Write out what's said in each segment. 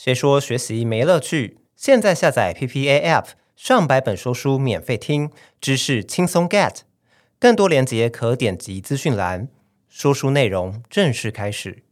誰說學習沒樂趣？現在下載 P P A App，上百本說書免費聽，知識輕鬆 get。更多連接可點擊資訊欄。說書內容正式開始。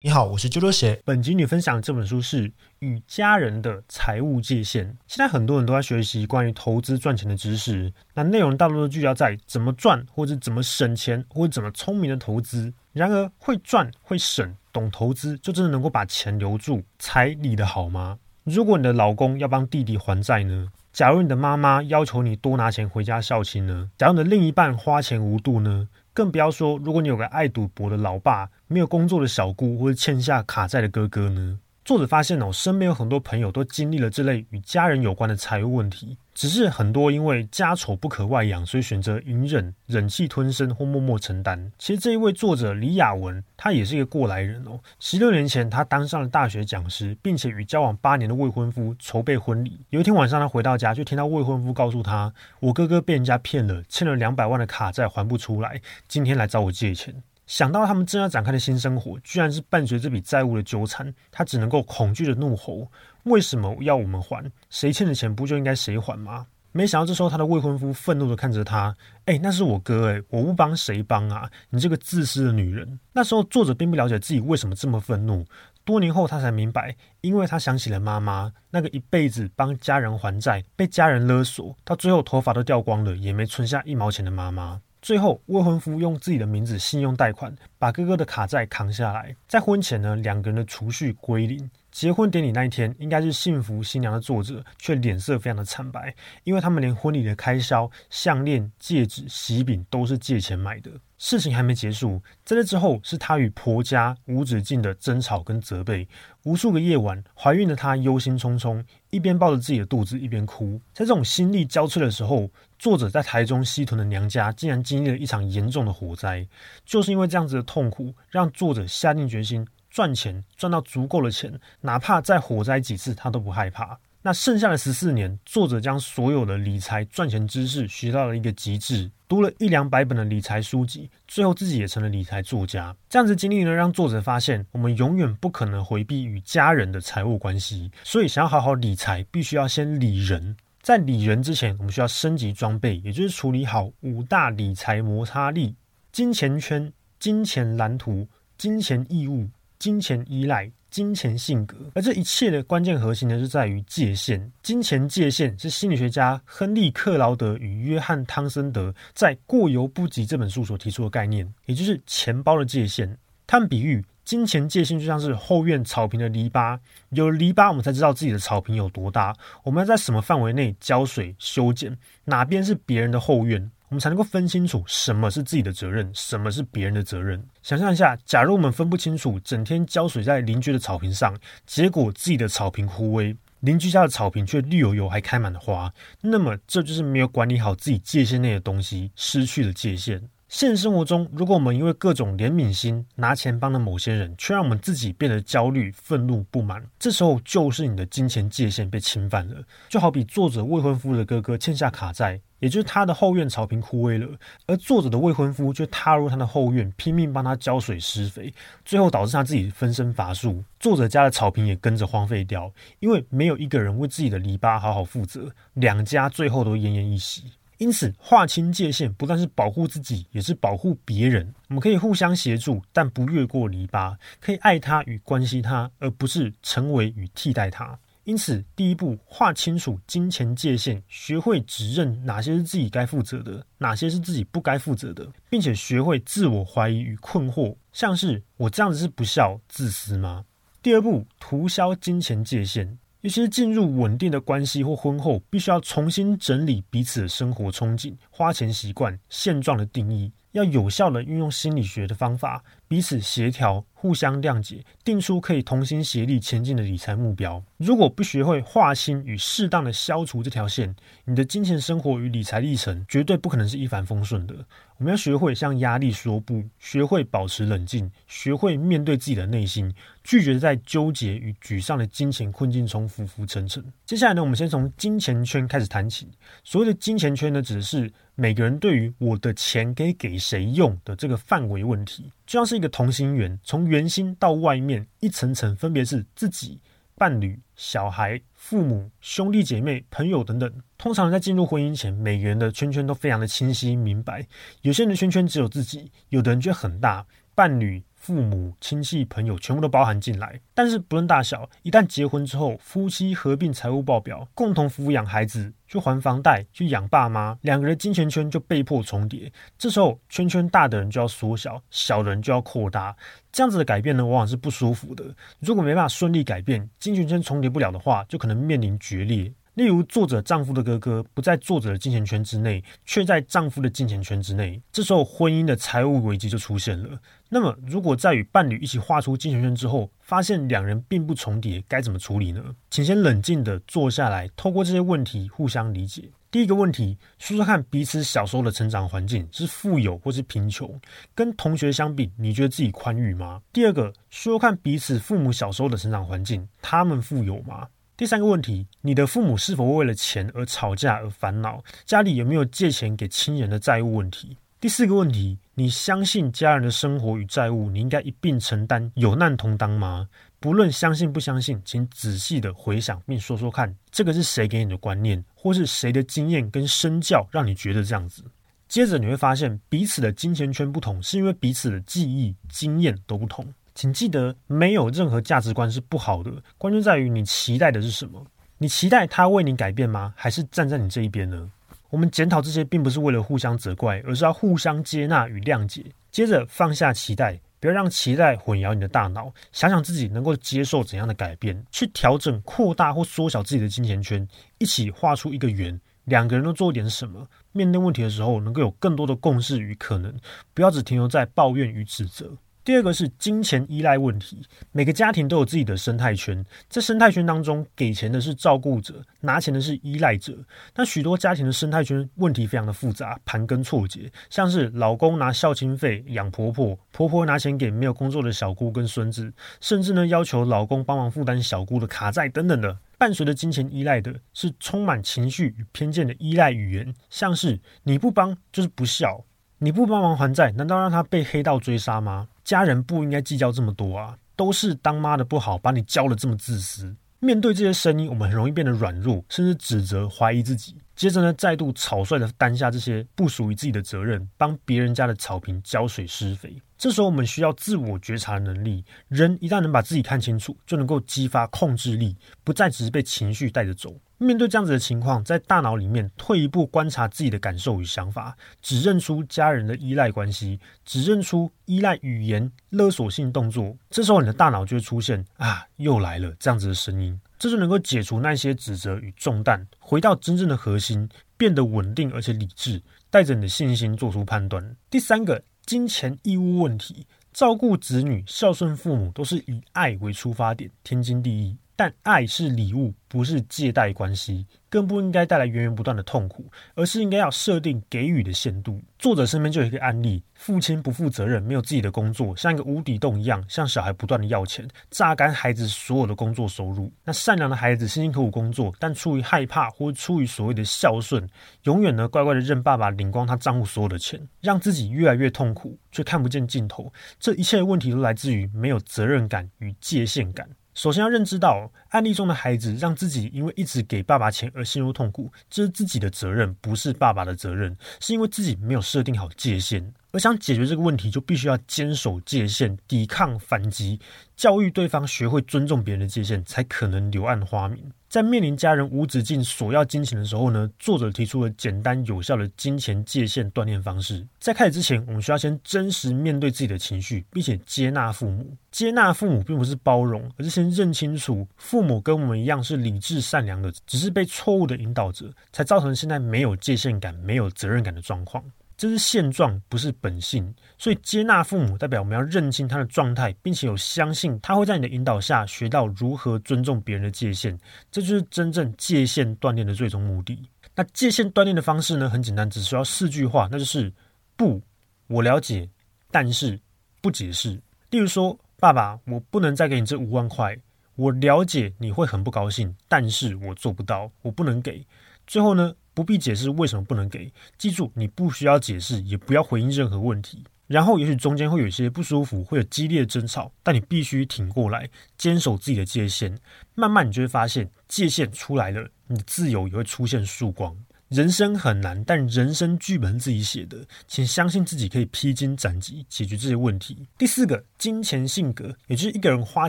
你好，我是周周學。本集你分享的這本書是《與家人的財務界限》。現在很多人都在學習關於投資賺錢的知識，那內容大多都聚焦在怎麼賺或者怎麼省錢或者怎麼聰明的投資。然而，會賺會省。懂投資就真的能夠把錢留住、財理的好嗎？如果你的老公要幫弟弟還債呢？假如你的媽媽要求你多拿錢回家孝親呢？假如你的另一半花錢無度呢？更不要說，如果你有個愛賭博的老爸、沒有工作的小姑，或者欠下卡債的哥哥呢？作者發現哦，我身邊有很多朋友都經歷了這類與家人有關的財務問題。只是很多因為家醜不可外揚，所以選擇隱忍、忍氣吞聲或默默承擔。其實這一位作者李雅雯，他也是一個過來人哦。十六年前，他當上了大學講師，並且與交往八年的未婚夫籌備婚禮。有一天晚上，他回到家，就聽到未婚夫告訴他：“我哥哥被人家騙了，欠了兩百萬的卡債還不出來，今天來找我借錢。”想到他們正要展開的新生活，居然是伴隨這筆債務的糾纏，他只能夠恐懼地怒吼。為什麼要我們還？誰欠的錢不就應該誰還嗎？沒想到這時候，他的未婚夫憤怒的看着他：“哎、欸，那是我哥、欸，哎，我不幫誰幫啊？你這個自私的女人！”那時候，作者並不了解自己為什麼這麼憤怒。多年後，他才明白，因為他想起了媽媽，那個一輩子幫家人還債、被家人勒索，到最後頭髮都掉光了，也沒存下一毛錢的媽媽。最後，未婚夫用自己的名字信用貸款，把哥哥的卡債扛下來。在婚前呢，兩個人的儲蓄歸零。結婚典禮那一天，應該是幸福新娘的作者，卻臉色非常的慘白，因為他們連婚禮的開銷、項鏈、戒指、喜餅都是借錢買的。事情還沒結束，在這之後，是她與婆家無止境的爭吵跟責備。無數個夜晚，懷孕的她憂心忡忡，一邊抱着自己的肚子，一邊哭。在這種心力交瘁的時候，作者在台中西屯的娘家，竟然經歷了一場嚴重的火災。就是因為這樣子的痛苦，讓作者下定決心。賺錢，賺到足夠的錢，哪怕再火災幾次，他都不害怕。那剩下的十四年，作者將所有的理財賺錢知識學到了一個極致，讀了一兩百本的理財書籍，最後自己也成了理財作家。這樣子經歷呢，讓作者發現，我們永遠不可能回避與家人的財務關係，所以想要好好理財，必須要先理人。在理人之前，我們需要升級裝備，也就是處理好五大理財摩擦力：金錢圈、金錢藍圖、金錢義務。金錢依賴、金錢性格，而這一切的關鍵核心呢，就在於界限。金錢界限是心理學家亨利·克勞德與約翰·湯森德在《過猶不及》這本書所提出的概念，也就是錢包的界限。他們比喻金錢界限就像是後院草坪的籬笆，有了籬笆，我們才知道自己的草坪有多大，我們要在什麼範圍內澆水、修剪，哪邊是別人的後院。我們才能夠分清楚什麼是自己的責任，什麼是別人的責任。想象一下，假如我們分不清楚，整天澆水在鄰居的草坪上，結果自己的草坪枯萎，鄰居家的草坪卻綠油油，還開滿了花，那麼這就是沒有管理好自己界限內的東西，失去了界限。現實生活中，如果我們因為各種憐憫心拿錢幫了某些人，卻讓我們自己變得焦慮、憤怒、不滿，這時候就是你的金錢界限被侵犯了。就好比作者未婚夫的哥哥欠下卡債。也就是他的後院草坪枯萎了，而作者的未婚夫卻踏入他的後院，拼命幫他澆水施肥，最後導致他自己分身乏術，作者家的草坪也跟着荒廢掉。因為沒有一個人為自己的籬笆好好負責，兩家最後都奄奄一息。因此，劃清界限不但是保護自己，也是保護別人。我們可以互相協助，但不越過籬笆，可以愛他與關心他，而不是成為與替代他。因此，第一步，劃清楚金錢界限，學會指認哪些是自己該負責的，哪些是自己不該負責的，並且學會自我懷疑與困惑，像是我這樣子是不孝、自私嗎？第二步，塗消金錢界限。尤其是進入穩定的關係或婚後，必須要重新整理彼此的生活憧憬、花錢習慣、現狀的定義，要有效地運用心理學的方法。彼此協調，互相諒解，定出可以同心協力前進的理財目標。如果不學會劃清，與適當的消除這條線，你的金錢生活與理財歷程絕對不可能是一帆風順的。我們要學會向壓力說不，學會保持冷靜，學會面對自己的內心，拒絕在糾結與沮喪的金錢困境中浮浮沉沉。接下來呢，我們先從金錢圈開始談起。所謂的金錢圈呢，指的是每個人對於我的錢該給誰用的這個範圍問題。就像是一個同心圓，從圓心到外面一層層，分別是自己、伴侶、小孩、父母、兄弟姐妹、朋友等等。通常在進入婚姻前，每個人的圈圈都非常的清晰明白。有些人的圈圈只有自己，有的人卻很大，伴侶。父母親戚朋友全部都包含進來，但是不論大小，一旦結婚之後，夫妻合併財務報表，共同撫養孩子，去還房貸，去養爸媽，兩個人金錢圈就被迫重疊。這時候，圈圈大的人就要縮小，小的人就要擴大。這樣子的改變呢，往往是不舒服的。如果沒辦法順利改變，金錢圈重疊不了的話，就可能面臨決裂。例如，作者丈夫的哥哥不在作者的金錢圈之內，卻在丈夫的金錢圈之內，這時候婚姻的財務危機就出現了。那麼，如果在與伴侶一起畫出金錢圈之後，發現兩人並不重疊，該怎麼處理呢？請先冷靜地坐下來，透過這些問題互相理解。第一個問題，說說看彼此小時候的成長環境是富有或是貧窮，跟同學相比，你覺得自己寬裕嗎？第二個，說說看彼此父母小時候的成長環境，他們富有嗎？第三個問題，你的父母是否為了錢而吵架而煩惱？家裡有沒有借錢給親人的債務問題？第四個問題，你相信家人的生活與債務你應該一併承擔，有難同當嗎？不論相信不相信，請仔細的回想並說說看，這個是誰給你的觀念，或是誰的經驗跟身教讓你覺得這樣子。接着你會發現彼此的金錢圈不同，是因為彼此的記憶經驗都不同。請記得，沒有任何價值觀是不好的，關鍵在於你期待的是什麼？你期待他為你改變嗎？還是站在你這一邊呢？我們檢討這些，並不是為了互相責怪，而是要互相接納與諒解。接着放下期待，不要讓期待混淆你的大腦。想想自己能夠接受怎樣的改變，去調整、擴大或縮小自己的金錢圈，一起畫出一個圓。兩個人都做點什麼，面對問題的時候能夠有更多的共識與可能，不要只停留在抱怨與指責。第二個是金錢依賴問題。每個家庭都有自己的生態圈，在生態圈當中，給錢的是照顧者，拿錢的是依賴者。那許多家庭的生態圈問題非常的複雜，盤根錯節。像是老公拿孝親費養婆婆，婆婆拿錢給沒有工作的小姑跟孫子，甚至呢要求老公幫忙負擔小姑的卡債等等的。伴隨着金錢依賴的是充滿情緒與偏見的依賴語言，像是你不幫就是不孝，你不幫忙還債，難道讓他被黑道追殺嗎？家人不應該計較這麼多啊，都是當媽的不好，把你教的這麼自私。面對這些聲音，我們很容易變得軟弱，甚至指責、懷疑自己。接着呢，再度草率的擔下這些不屬於自己的責任，幫別人家的草坪澆水施肥。這時候我們需要自我覺察的能力。人一旦能把自己看清楚，就能夠激發控制力，不再只是被情緒帶着走。面對這樣子的情況，在大腦裡面退一步觀察自己的感受與想法，指認出家人的依賴關係，指認出依賴語言、勒索性動作。這時候你的大腦就會出現“啊，又來了”這樣子的聲音，這就能夠解除那些指責與重擔，回到真正的核心，變得穩定而且理智，帶着你的信心做出判斷。第三個。金錢義務問題，照顧子女、孝順父母，都是以愛為出發點，天經地義。但愛是禮物，不是借貸關係，更不應該帶來源源不斷的痛苦，而是應該要設定給予的限度。作者身邊就有一個案例，父親不負責任，沒有自己的工作，像一個無底洞一樣，向小孩不斷的要錢，榨乾孩子所有的工作收入。那善良的孩子辛辛苦苦工作，但出於害怕或出於所謂的孝順，永遠呢乖乖的任爸爸領光他賬戶所有的錢，讓自己越來越痛苦，卻看不見盡頭。這一切的問題都來自於沒有責任感與界限感。首先要認知到，案例中的孩子讓自己因為一直給爸爸錢而陷入痛苦，這是自己的責任，不是爸爸的責任，是因為自己沒有設定好界限。而想解決這個問題，就必須要堅守界限、抵抗反擊、教育對方學會尊重別人的界限，才可能柳暗花明。在面臨家人無止境索要金錢的時候呢，作者提出了簡單有效的金錢界限鍛鍊方式。在開始之前，我們需要先真實面對自己的情緒，並且接納父母。接納父母並不是包容，而是先認清楚父母跟我們一樣是理智善良的，只是被錯誤的引導者，才造成現在沒有界限感、沒有責任感的狀況。這是現狀，不是本性，所以接納父母代表我們要認清他的狀態，並且有相信他會在你的引導下學到如何尊重別人的界限，這就是真正界限鍛鍊的最終目的。那界限鍛鍊的方式呢？很簡單，只需要四句話，那就是不，我了解，但是不解釋。例如說，爸爸，我不能再給你這五萬塊，我了解你會很不高興，但是我做不到，我不能給。最後呢，不必解釋為什麼不能給，記住你不需要解釋，也不要回應任何問題。然後，也許中間會有一些不舒服，會有激烈的爭吵，但你必須挺過來，堅守自己的界限。慢慢，你就會發現界限出來了，你的自由也會出現曙光。人生很難，但人生劇本自己寫的，請相信自己可以披荊斬棘解決這些問題。第四個，金錢性格，也就是一個人花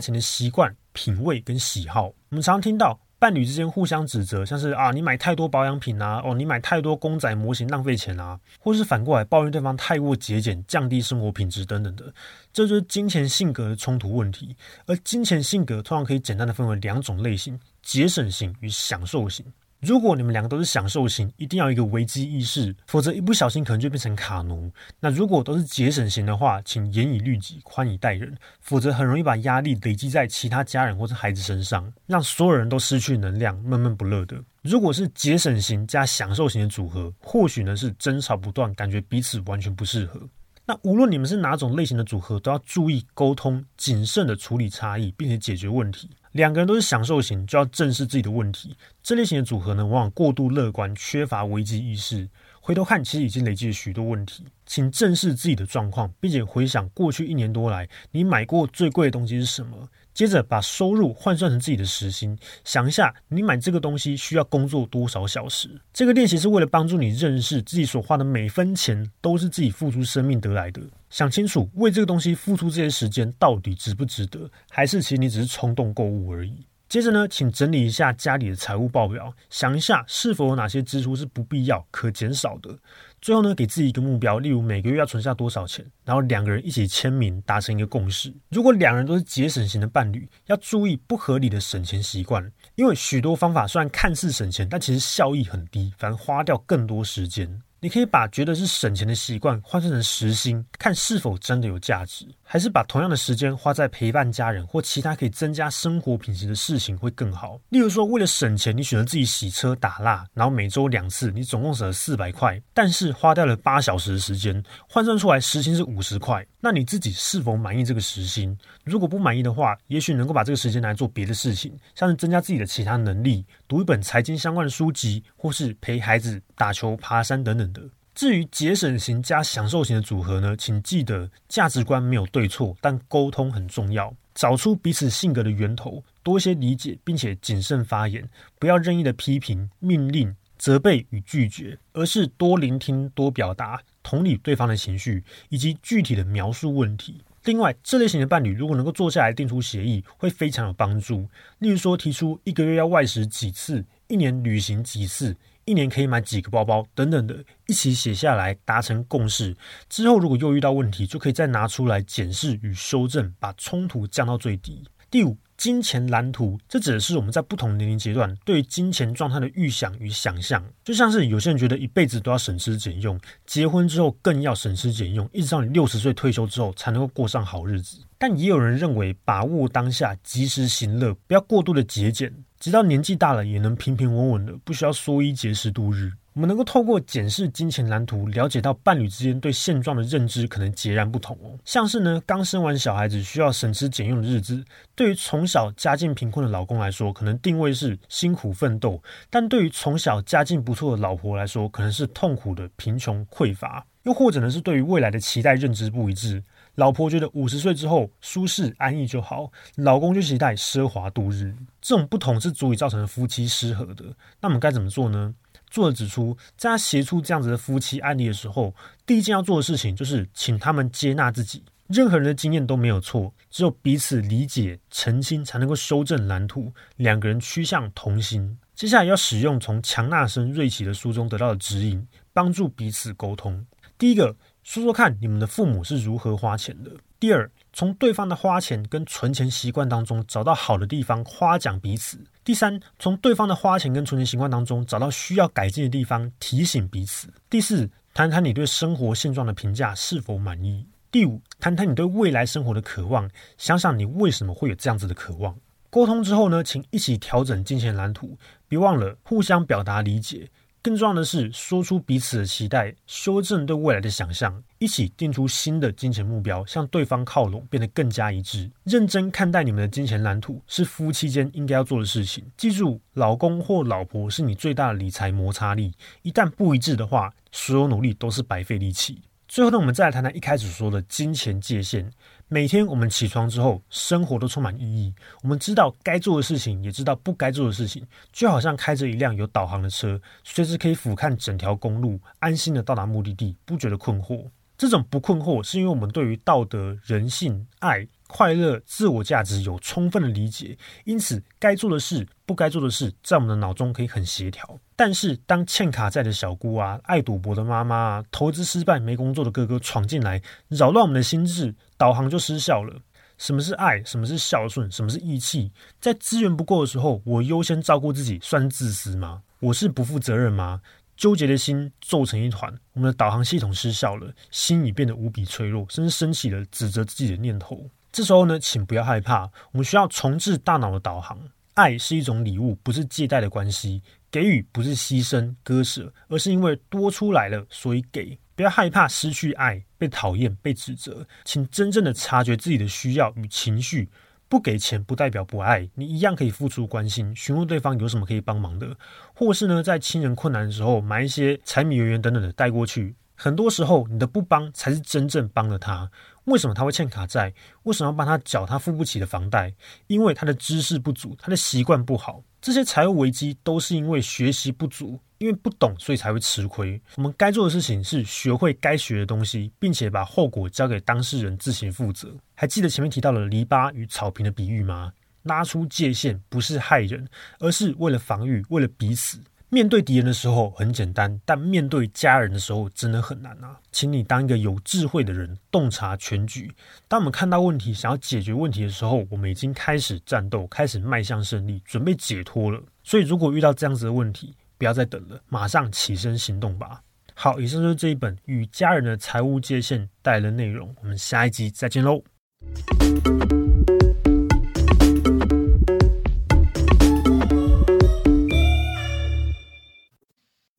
錢的習慣、品味跟喜好。我們常聽到。伴侶之間互相指責，像是啊，你買太多保養品啊，哦，你買太多公仔模型浪費錢啊，或是反過來抱怨對方太過節儉，降低生活品質等等的，這就是金錢性格的衝突問題。而金錢性格通常可以簡單的分為兩種類型：節省型與享受型。如果你們兩個都是享受型，一定要有一個危機意識，否則一不小心可能就變成卡奴。那如果都是節省型的話，請嚴以律己，寬以待人，否則很容易把壓力累積在其他家人或者孩子身上，讓所有人都失去能量，悶悶不樂的。如果是節省型加享受型的組合，或許呢是爭吵不斷，感覺彼此完全不適合。那無論你們是哪種類型的組合，都要注意溝通，謹慎地處理差異，並且解決問題。兩個人都是享受型，就要正視自己的問題。這類型的組合呢，往往過度樂觀，缺乏危機意識。回頭看，其實已經累積了許多問題，請正視自己的狀況，並且回想過去一年多來，你買過最貴的東西是什麼？接着把收入換算成自己的時薪，想一下你買這個東西需要工作多少小時？這個練習是為了幫助你認識自己所花的每分錢都是自己付出生命得來的。想清楚，為這個東西付出這些時間到底值不值得，還是其實你只是衝動購物而已。接着呢，請整理一下家裡的財務報表，想一下是否有哪些支出是不必要、可減少的。最後呢，給自己一個目標，例如每個月要存下多少錢，然後兩個人一起簽名，達成一個共識。如果兩人都是節省型的伴侶，要注意不合理的省錢習慣，因為許多方法雖然看似省錢，但其實效益很低，反而花掉更多時間。你可以把覺得是省錢的習慣換算成時薪，看是否真的有價值。還是把同樣的時間花在陪伴家人或其他可以增加生活品質的事情會更好。例如說，為了省錢，你選擇自己洗車打蠟，然後每週兩次，你總共省了四百塊，但是花掉了八小時的時間，換算出來時薪是五十塊。那你自己是否滿意這個時薪？如果不滿意的話，也許能夠把這個時間來做別的事情，像是增加自己的其他能力，讀一本財經相關的書籍，或是陪孩子打球、爬山等等的。至於節省型加享受型的組合呢，請記得價值觀沒有對錯，但溝通很重要。找出彼此性格的源頭，多一些理解，並且謹慎發言，不要任意的批評、命令、責備與拒絕，而是多聆聽、多表達，同理對方的情緒以及具體的描述問題。另外，這類型的伴侶如果能夠坐下來訂出協議，會非常有幫助。例如說，提出一個月要外食幾次。一年旅行幾次，一年可以買幾個包包等等的，一起寫下來達成共識。之後如果又遇到問題，就可以再拿出來檢視與修正，把衝突降到最低。第五，金錢藍圖，這指的是我們在不同年齡階段對於金錢狀態的預想與想象。就像是有些人覺得一輩子都要省吃儉用，結婚之後更要省吃儉用，一直到你六十歲退休之後才能夠過上好日子。但也有人認為，把握當下，及時行樂，不要過度的節儉。直到年紀大了，也能平平穩穩的，不需要縮衣節食度日。我們能夠透過檢視金錢藍圖，了解到伴侶之間對現狀的認知可能截然不同哦。像是呢，剛生完小孩子需要省吃儉用的日子，對於從小家境貧困的老公來說，可能定位是辛苦奮鬥；但對於從小家境不錯的老婆來說，可能是痛苦的、貧窮、匱乏。又或者呢，是對於未來的期待認知不一致。老婆覺得五十歲之後舒適安逸就好，老公就期待奢華度日。這種不同是足以造成夫妻失和的。那我們該怎麼做呢？作者指出，在他寫出這樣子的夫妻案例的時候，第一件要做的事情就是請他們接納自己。任何人的經驗都沒有錯，只有彼此理解、澄清，才能夠修正藍圖，兩個人趨向同心。接下來要使用從強納生瑞奇的書中得到的指引，幫助彼此溝通。第一個。說說看，你們的父母是如何花錢的？第二，從對方的花錢跟存錢習慣當中找到好的地方，誇獎彼此；第三，從對方的花錢跟存錢習慣當中找到需要改進的地方，提醒彼此；第四，談談你對生活現狀的評價是否滿意；第五，談談你對未來生活的渴望，想想你為什麼會有這樣子的渴望。溝通之後呢，請一起調整金錢藍圖，別忘了互相表達理解。更重要的是，說出彼此的期待，修正對未來的想象，一起定出新的金錢目標，向對方靠攏，變得更加一致。認真看待你們的金錢藍圖，是夫妻間應該要做的事情。記住，老公或老婆是你最大的理財摩擦力，一旦不一致的話，所有努力都是白費力氣。最後呢，我們再來談談一開始說的金錢界限。每天我們起床之後，生活都充滿意義。我們知道該做的事情，也知道不該做的事情，就好像開着一輛有導航的車，隨時可以俯瞰整條公路，安心的到達目的地，不覺得困惑。這種不困惑，是因為我們對於道德、人性、愛、快樂、自我價值有充分的理解，因此該做的事、不該做的事，在我們的腦中可以很協調。但是，當欠卡債的小姑啊、愛賭博的媽媽啊、投資失敗沒工作的哥哥闖進來，擾亂我們的心智，導航就失效了。什麼是愛？什麼是孝順？什麼是義氣？在資源不夠的時候，我優先照顧自己，算自私嗎？我是不負責任嗎？糾結的心皺成一團，我們的導航系統失效了，心已變得無比脆弱，甚至升起了指責自己的念頭。這時候呢，請不要害怕，我們需要重置大腦的導航。愛是一種禮物，不是借貸的關係，給予不是犧牲割舍，而是因為多出來了，所以給。不要害怕失去愛，被討厭，被指責，請真正的察覺自己的需要與情緒。不給錢不代表不愛，你一樣可以付出關心，詢問對方有什麼可以幫忙的，或是呢，在親人困難的時候買一些柴米油鹽等等的帶過去。很多時候，你的不幫才是真正幫了他。為什麼他會欠卡債？為什麼要幫他繳他付不起的房貸？因為他的知識不足，他的習慣不好。這些財務危機都是因為學習不足，因為不懂，所以才會吃虧。我們該做的事情是學會該學的東西，並且把後果交給當事人自行負責。還記得前面提到的籬笆與草坪的比喻嗎？拉出界限不是害人，而是為了防御，為了彼此。面對敵人的時候很簡單，但面對家人的時候真的很難啊！請你當一個有智慧的人，洞察全局。當我們看到問題，想要解決問題的時候，我們已經開始戰鬥，開始邁向勝利，準備解脫了。所以，如果遇到這樣子的問題，不要再等了，馬上起身行動吧。好，以上就是這一本《與家人的財務界線》帶來的內容，我們下一集再見嘍。